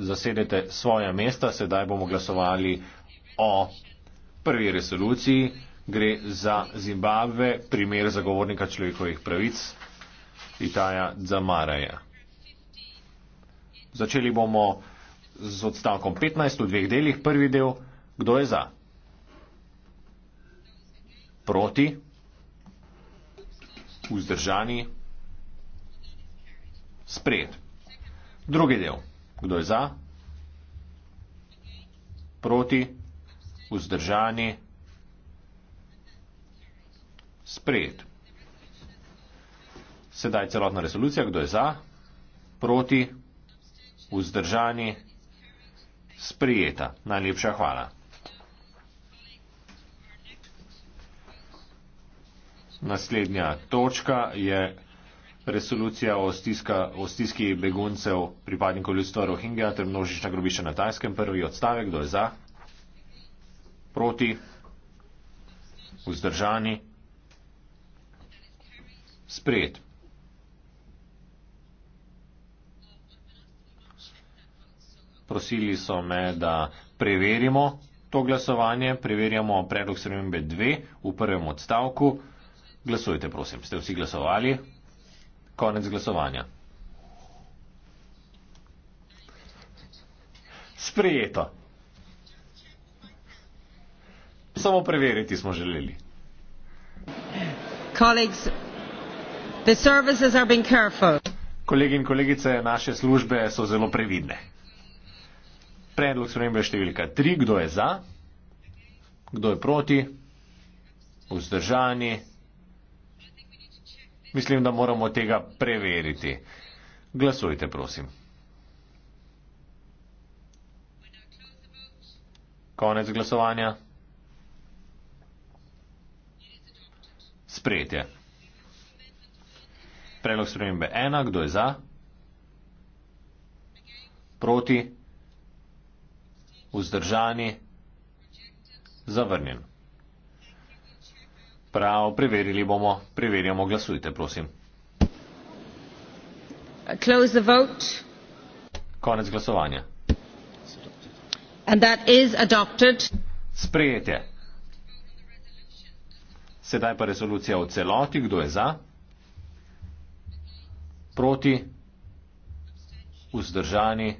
zasedete svoja mesta, sedaj bomo glasovali o prvi resoluciji. Gre za Zimbabve, primer zagovornika človekovih pravic, Itaja Zamaraja. Začeli bomo z odstavkom 15 v dveh delih. Prvi del, kdo je za? Proti? Vzdržani? Sprejet. Drugi del. Kdo je za? Proti? Vzdržani? Sprejet. Sedaj celotna resolucija. Kdo je za? Proti? Vzdržani? Sprijeta. Najlepša hvala. Naslednja točka je resolucija o, stiska, o stiski beguncev pripadnikov ljudstva Rohingja ter množična grobišča na Tajskem. Prvi odstavek, kdo je za? Proti? Vzdržani? Sprejet. Prosili so me, da preverimo to glasovanje. Preverjamo predlog 7.2 v prvem odstavku. Glasujte, prosim. Ste vsi glasovali? Konec glasovanja. Sprijeto. Samo preveriti smo želeli. Colleagues, the services are being careful. Kolegi in kolegice, naše službe so zelo previdne. Predlog spremembe je številka 3. Kdo je za? Kdo je proti? Vzdržani? Mislim, da moramo tega preveriti. Glasujte, prosim. Konec glasovanja. Sprejetje. Predlog spremembe ena, kdo je za? Proti? Vzdržani? Zavrnjen. Prav, preverili bomo. Preverjamo. Glasujte, prosim. Close the vote. Konec glasovanja. And that is adopted. Sprejetje. Sedaj pa resolucija v celoti. Kdo je za? Proti? Vzdržani?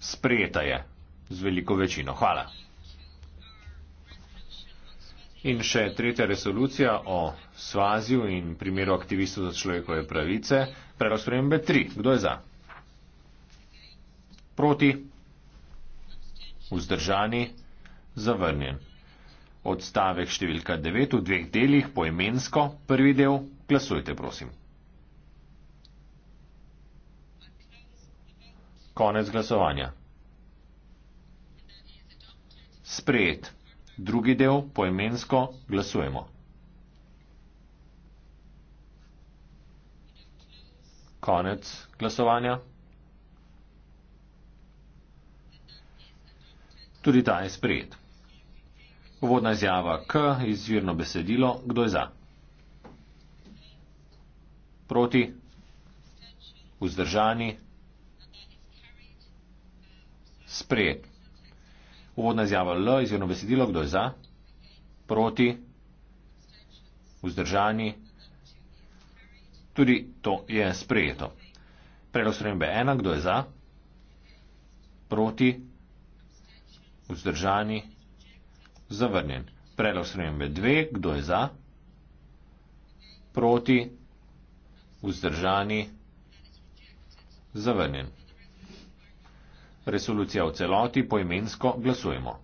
Sprejeta je. Z veliko večino. Hvala. In še tretja resolucija o svazju in primeru aktivistov za človekove pravice. Predlog spremembe 3. Kdo je za? Proti? Vzdržani? Zavrnjen. Odstavek številka 9 v dveh delih poimensko. Prvi del. Glasujte, prosim. Konec glasovanja. Sprejet drugi del poemensko glasujemo. Konec glasovanja. Tudi ta je sprejet. Uvodna izjava K, izvirno besedilo, kdo je za? Proti? Vzdržani? Sprejet. Uvodna izjava L, izvirno besedilo, kdo je za, proti, vzdržani. Tudi to je sprejeto. Predlog spremembe 1, kdo je za, proti, vzdržani, zavrnjen. Predlog spremembe 2, kdo je za, proti, vzdržani, zavrnjen. Resolucija v celoti poimensko glasujemo.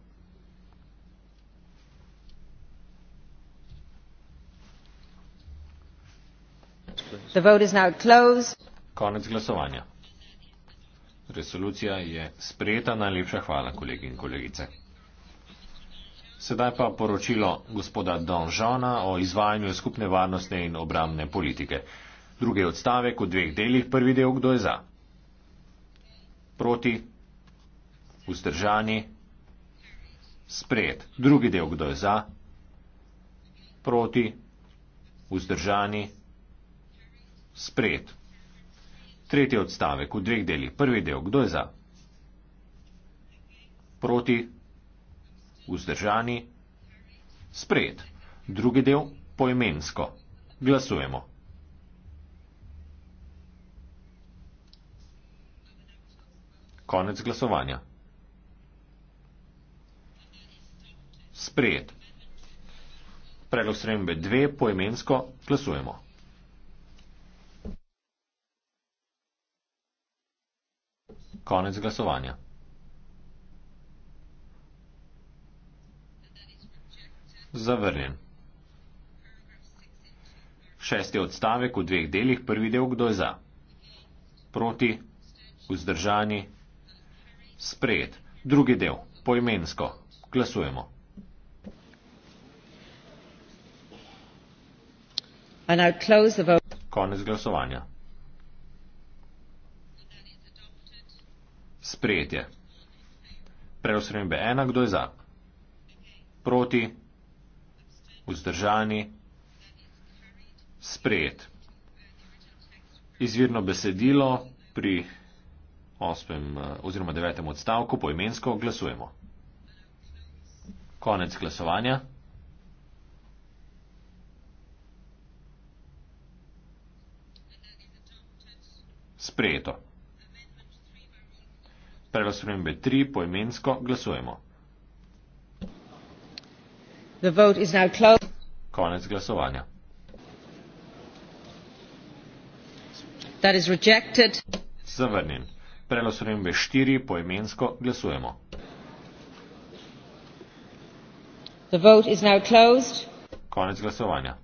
Konec glasovanja. Resolucija je sprejeta. Najlepša hvala, kolegi in kolegice. Sedaj pa poročilo gospoda Donžona o izvajanju skupne varnostne in obramne politike. Drugi odstavek v dveh delih. Prvi del, kdo je za? Proti vzdržani, sprejet. Drugi del, kdo je za, proti, vzdržani, sprejet. Tretji odstavek v dveh delih. Prvi del, kdo je za, proti, vzdržani, sprejet. Drugi del, poimensko. Glasujemo. Konec glasovanja. sprejet. Predlog sprejembe dve poemensko glasujemo. Konec glasovanja. Zavrnjen. Šesti odstavek v dveh delih, prvi del, kdo je za? Proti, vzdržani, sprejet. Drugi del, poimensko, glasujemo. Konec glasovanja. Sprejetje. Preosrednji B1, kdo je za? Proti? Vzdržani? Sprejet. Izvirno besedilo pri osmem eh, oziroma devetem odstavku poimensko glasujemo. Konec glasovanja. Sprejeto. Predlog spremembe 3 poimensko glasujemo. Konec glasovanja. Zavrnjen. Predlog spremembe 4 poimensko glasujemo. The vote is now closed. Konec glasovanja.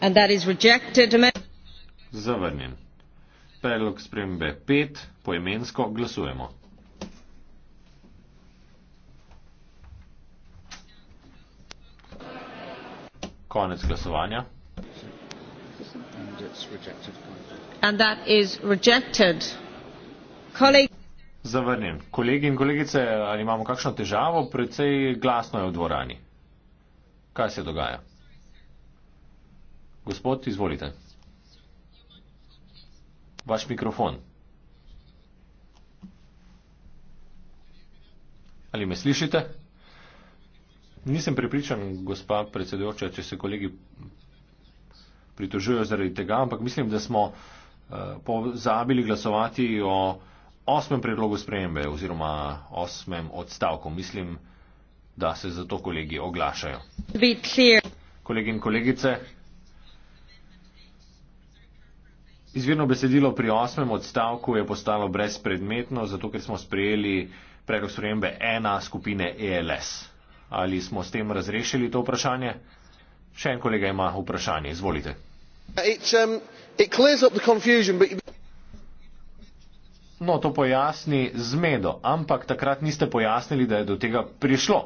And that is rejected zavrnjen. Predlog spremembe 5 poemensko glasujemo. Konec glasovanja. And that is rejected. Kolegi... Zavrnjen. Kolegi in kolegice, ali imamo kakšno težavo? Predvsej glasno je v dvorani. Kaj se dogaja? Gospod, izvolite vaš mikrofon. Ali me slišite? Nisem pripričan, gospa predsedujoča, če se kolegi pritožujejo zaradi tega, ampak mislim, da smo eh, pozabili glasovati o osmem predlogu spremembe oziroma osmem odstavku. Mislim, da se zato kolegi oglašajo. Kolegi in kolegice, Izvirno besedilo pri osmem odstavku je postalo brezpredmetno, zato ker smo sprejeli predlog sprejembe ena skupine ELS. Ali smo s tem razrešili to vprašanje? Še en kolega ima vprašanje, izvolite. Um, no, to pojasni zmedo, ampak takrat niste pojasnili, da je do tega prišlo.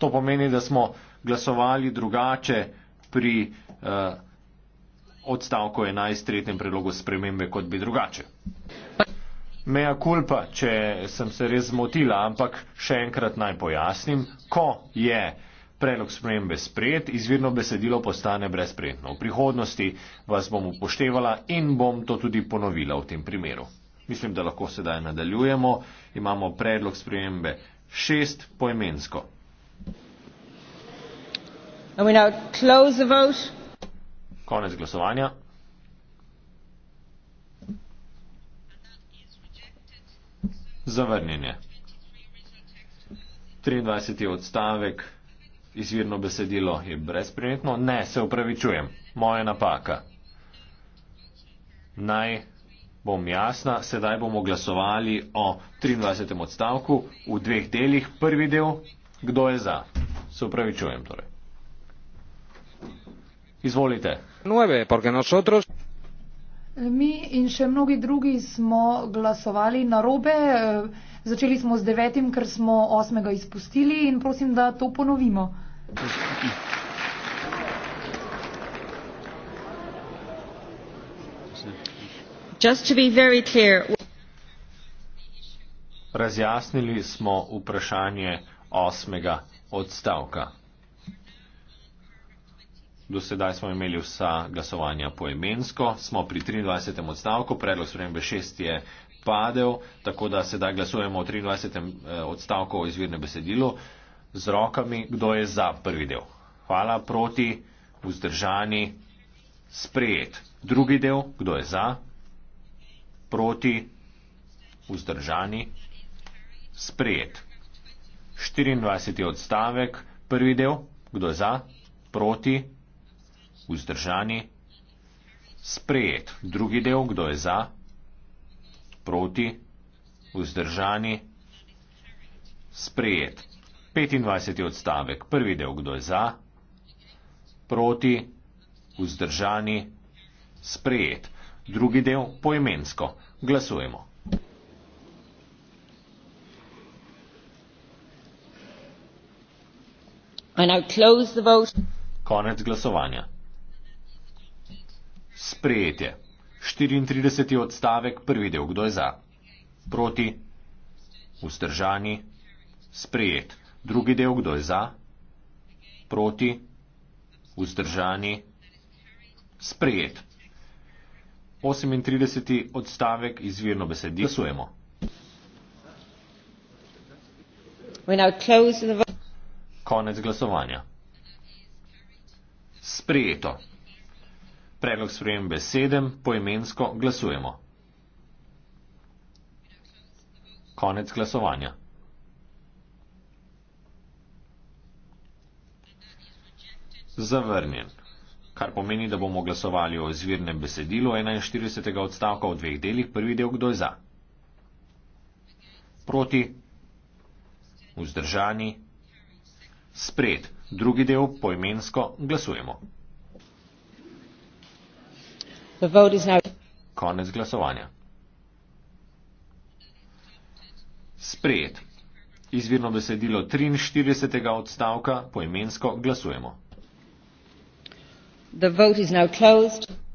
To pomeni, da smo glasovali drugače pri. Uh, odstavko 11 tretjem predlogu spremembe, kot bi drugače. Meja kulpa, če sem se res zmotila, ampak še enkrat naj pojasnim, ko je predlog spremembe sprejet, izvirno besedilo postane brezpredno. V prihodnosti vas bom upoštevala in bom to tudi ponovila v tem primeru. Mislim, da lahko sedaj nadaljujemo. Imamo predlog spremembe šest poimensko. And we now close the vote. Konec glasovanja. Zavrnjenje. 23. odstavek, izvirno besedilo je brezprimetno. Ne, se upravičujem, moja napaka. Naj bom jasna, sedaj bomo glasovali o 23. odstavku v dveh delih. Prvi del, kdo je za? Se upravičujem torej. Izvolite. Nove, porque nosotros... Mi in še mnogi drugi smo glasovali na robe. Eh, začeli smo z devetim, ker smo osmega izpustili in prosim, da to ponovimo. Razjasnili smo vprašanje osmega odstavka. Do sedaj smo imeli vsa glasovanja poemensko, smo pri 23. odstavku, predlog spremembe 6 je padel, tako da sedaj glasujemo o 23. Eh, odstavku o izvirnem besedilu z rokami, kdo je za prvi del. Hvala, proti, vzdržani, sprejet. Drugi del, kdo je za, proti, vzdržani, sprejet. 24. odstavek, prvi del, kdo je za, proti, vzdržani vzdržani, sprejet drugi del, kdo je za, proti, vzdržani, sprejet 25. odstavek, prvi del, kdo je za, proti, vzdržani, sprejet drugi del poimensko. Glasujemo. I now close the vote. Konec glasovanja. Sprejetje. 34. odstavek, prvi del, kdo je za? Proti? Vzdržani? Sprejet. Drugi del, kdo je za? Proti? Vzdržani? Sprejet. 38. odstavek, izvirno besedilo. Glasujemo. Konec glasovanja. Sprejeto. Predlog spremembe sedem poimensko glasujemo. Konec glasovanja. Zavrnjen. Kar pomeni, da bomo glasovali o izvirnem besedilu 41. odstavka v dveh delih, prvi del kdo je za. Proti. Vzdržani. Spred. Drugi del poimensko glasujemo. Konec glasovanja. Sprejet. Izvirno besedilo 43. odstavka poimensko glasujemo.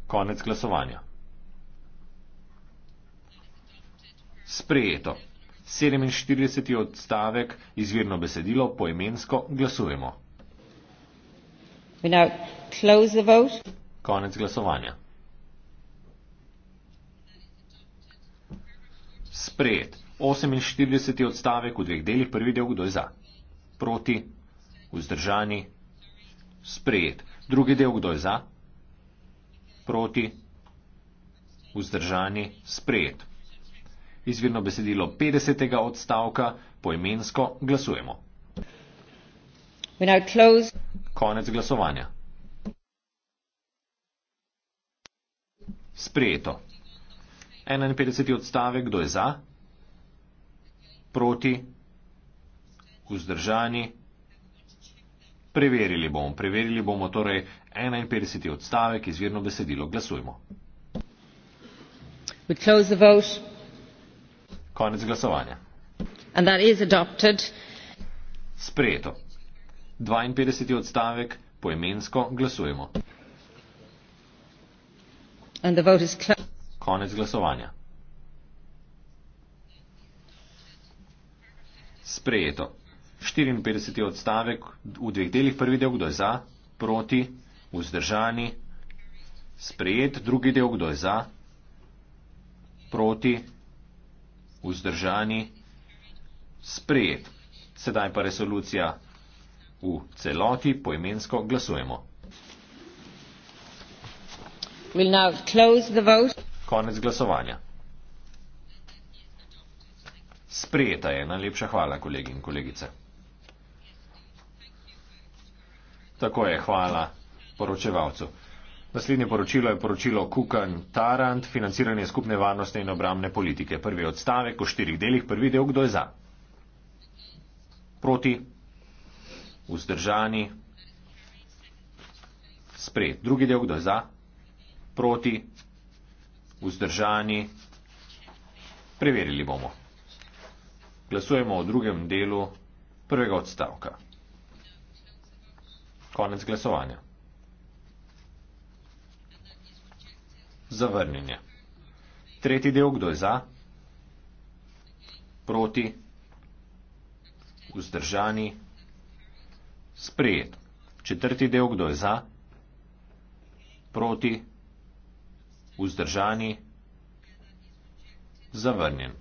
Konec glasovanja. Sprejeto. 47. odstavek izvirno besedilo poimensko glasujemo. Konec glasovanja. sprejet. 48. odstavek v dveh delih, prvi del, kdo je za? Proti, vzdržani, sprejet. Drugi del, kdo je za? Proti, vzdržani, sprejet. Izvirno besedilo 50. odstavka poimensko glasujemo. Close... Konec glasovanja. Sprejeto. 51. odstavek, kdo je za, proti, vzdržani, preverili bomo. Preverili bomo torej 51. odstavek, izvirno besedilo. Glasujmo. Konec glasovanja. Sprejeto. 52. odstavek, poemensko glasujemo. And the vote is closed. Konec glasovanja. Sprejeto. 54. odstavek v dveh delih. Prvi del, kdo je za, proti, vzdržani. Sprejet. Drugi del, kdo je za, proti, vzdržani. Sprejet. Sedaj pa resolucija v celoti poimensko glasujemo. We'll now close the vote. Konec glasovanja. Sprejeta je. Najlepša hvala, kolegi in kolegice. Tako je, hvala poročevalcu. Naslednje poročilo je poročilo Kukan Tarant, financiranje skupne varnostne in obramne politike. Prvi odstavek v štirih delih, prvi del, kdo je za? Proti? Vzdržani? Sprejet. Drugi del, kdo je za? Proti? vzdržani. Preverili bomo. Glasujemo o drugem delu prvega odstavka. Konec glasovanja. Zavrnjenje. Tretji del, kdo je za? Proti? Vzdržani? Sprejet. Četrti del, kdo je za? Proti? Proti? vzdržani, zavrnjen.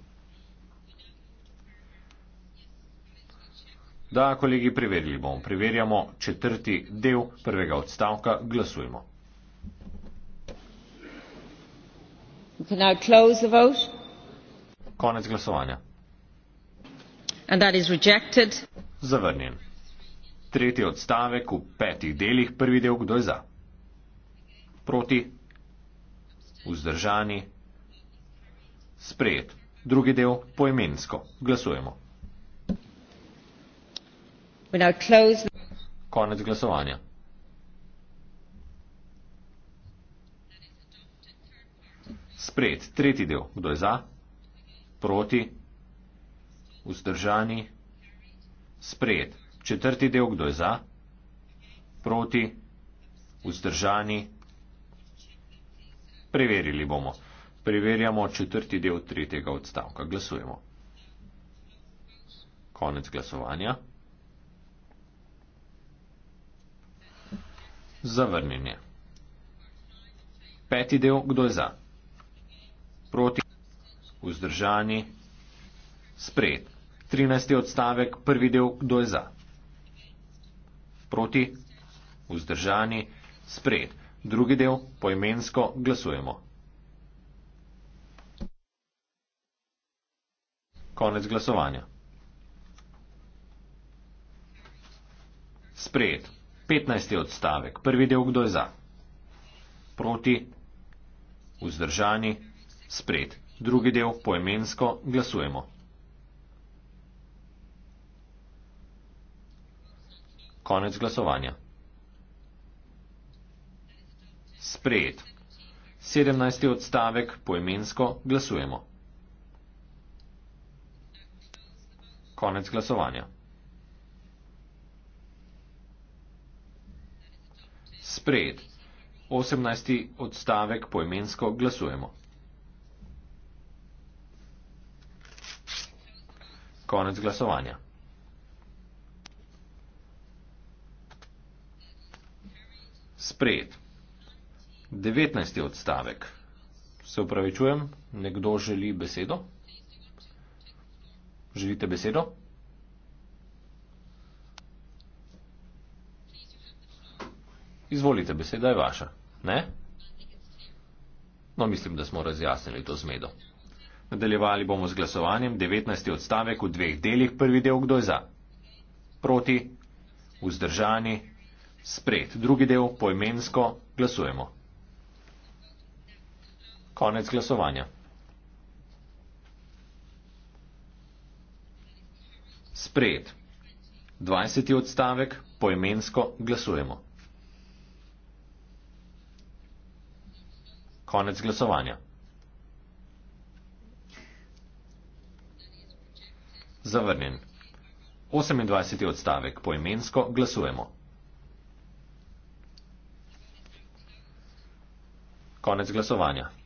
Da, kolegi, preverili bomo. Preverjamo četrti del prvega odstavka. Glasujmo. Konec glasovanja. Zavrnjen. Tretji odstavek v petih delih. Prvi del, kdo je za? Proti vzdržani, sprejet. Drugi del poimensko. Glasujemo. Konec glasovanja. Sprejet. Tretji del. Kdo je za? Proti. Vzdržani. Sprejet. Četrti del. Kdo je za? Proti. Vzdržani. Preverili bomo. Preverjamo četrti del tretjega odstavka. Glasujemo. Konec glasovanja. Zavrnjenje. Peti del, kdo je za? Proti, vzdržani, sprejet. Trinajsti odstavek, prvi del, kdo je za? Proti, vzdržani, sprejet drugi del poimensko glasujemo. Konec glasovanja. Sprejet. 15. odstavek. Prvi del, kdo je za? Proti. Vzdržani. Sprejet. Drugi del poimensko glasujemo. Konec glasovanja. Sprejet. 17. odstavek poimensko glasujemo. Konec glasovanja. Sprejet. 18. odstavek poimensko glasujemo. Konec glasovanja. Sprejet. 19. odstavek. Se upravičujem, nekdo želi besedo? Želite besedo? Izvolite, beseda je vaša. Ne? No, mislim, da smo razjasnili to zmedo. Nadaljevali bomo z glasovanjem 19. odstavek v dveh delih. Prvi del, kdo je za? Proti, vzdržani, spred. Drugi del, poimensko, glasujemo. Konec glasovanja. Sprejet. 20. odstavek poimensko glasujemo. Konec glasovanja. Zavrnjen. 28. odstavek poimensko glasujemo. Konec glasovanja.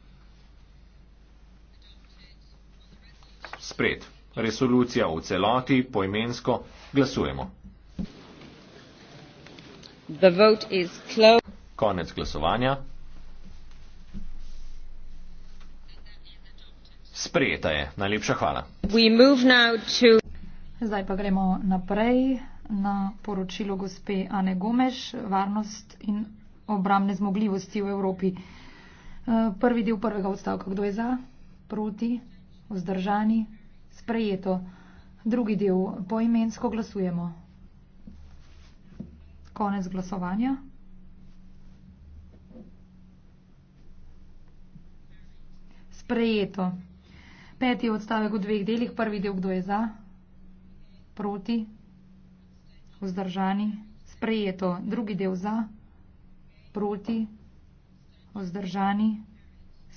spred. Resolucija v celoti, poimensko, glasujemo. Konec glasovanja. Sprejeta je. Najlepša hvala. To... Zdaj pa gremo naprej na poročilo gospe Ane Gomeš, varnost in obramne zmogljivosti v Evropi. Eh, prvi del prvega odstavka. Kdo je za? Proti? vzdržani, sprejeto. Drugi del poimensko glasujemo. Konec glasovanja. Sprejeto. Peti odstavek v dveh delih, prvi del, kdo je za, proti, vzdržani, sprejeto. Drugi del za, proti, vzdržani,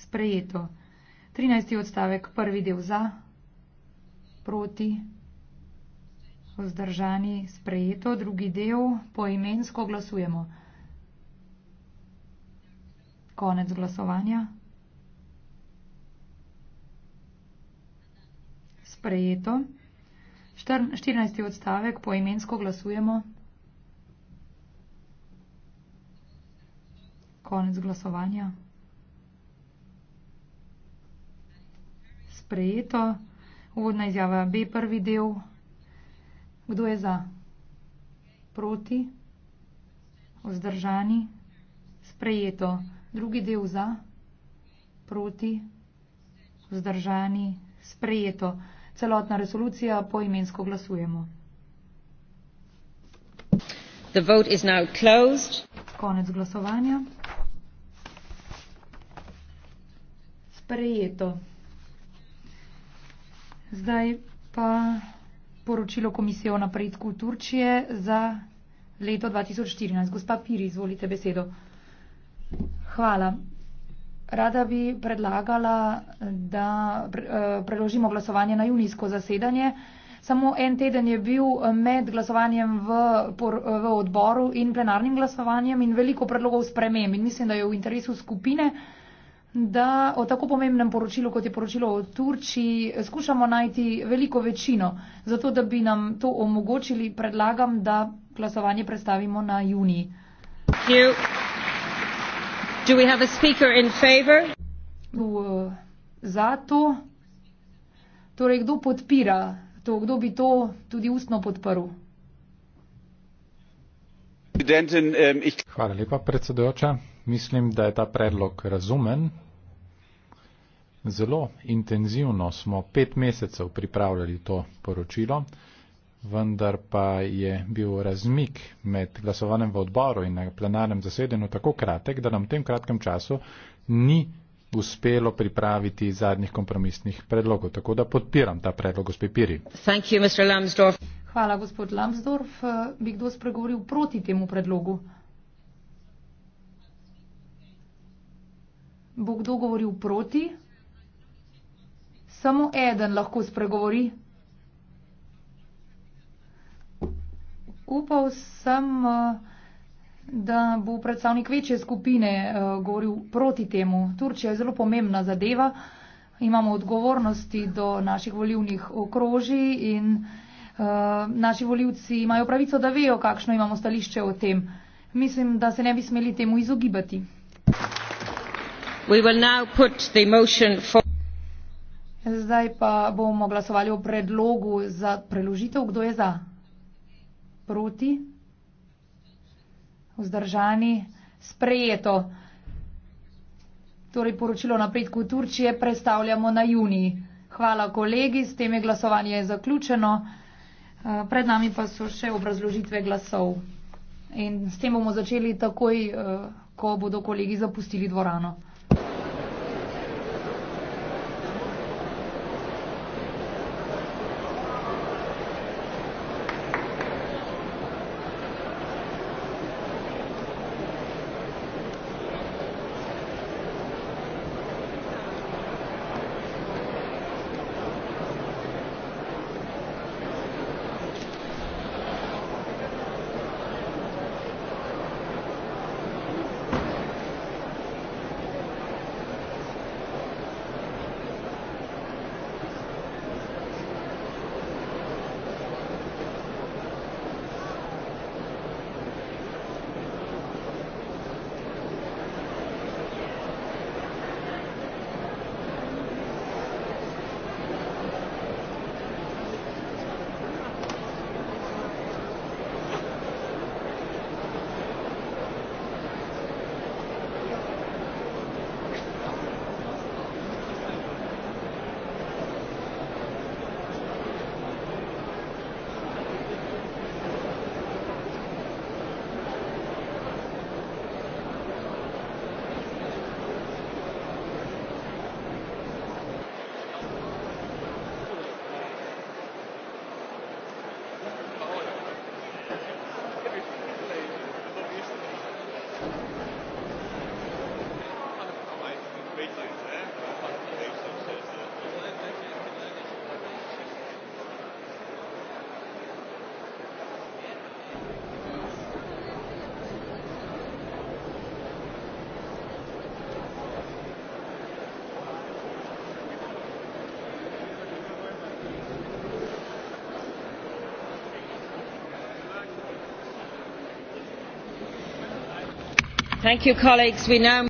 sprejeto. 13. odstavek, prvi del za, proti, vzdržani, sprejeto, drugi del, poimensko glasujemo. Konec glasovanja. Sprejeto. 14. odstavek, poimensko glasujemo. Konec glasovanja. sprejeto. Uvodna izjava B, prvi del. Kdo je za? Proti? Vzdržani? Sprejeto. Drugi del za? Proti? Vzdržani? Sprejeto. Celotna resolucija po imensko glasujemo. The vote is now closed. Konec glasovanja. Sprejeto. Zdaj pa poročilo Komisije o napredku Turčije za leto 2014. Gospa Piri, izvolite besedo. Hvala. Rada bi predlagala, da eh, preložimo glasovanje na junijsko zasedanje. Samo en teden je bil eh, med glasovanjem v, v odboru in plenarnim glasovanjem in veliko predlogov sprememb. In mislim, da je v interesu skupine, da o tako pomembnem poročilu, kot je poročilo o Turčiji, skušamo najti veliko večino. Zato, da bi nam to omogočili, predlagam, da glasovanje predstavimo na juniji. Zato, torej kdo podpira to, kdo bi to tudi ustno podprl? Hvala lepa, predsedujoča mislim, da je ta predlog razumen. Zelo intenzivno smo pet mesecev pripravljali to poročilo, vendar pa je bil razmik med glasovanjem v odboru in na plenarnem zasedenju tako kratek, da nam v tem kratkem času ni uspelo pripraviti zadnjih kompromisnih predlogov. Tako da podpiram ta predlog, gospe Piri. Hvala, gospod Lambsdorf. Bi kdo spregovoril proti temu predlogu? bo kdo govoril proti? Samo eden lahko spregovori. Upal sem, eh, da bo predstavnik večje skupine eh, govoril proti temu. Turčija je zelo pomembna zadeva. Imamo odgovornosti do naših volivnih okroži in eh, naši voljivci imajo pravico, da vejo, kakšno imamo stališče o tem. Mislim, da se ne bi smeli temu izogibati. Zdaj pa bomo glasovali o predlogu za preložitev. Kdo je za? Proti? Vzdržani? Sprejeto. Torej, poročilo o napredku Turčije predstavljamo na juniji. Hvala kolegi, s tem je glasovanje zaključeno. Eh, pred nami pa so še obrazložitve glasov. In s tem bomo začeli takoj, eh, ko bodo kolegi zapustili dvorano. thank you colleagues we now move to.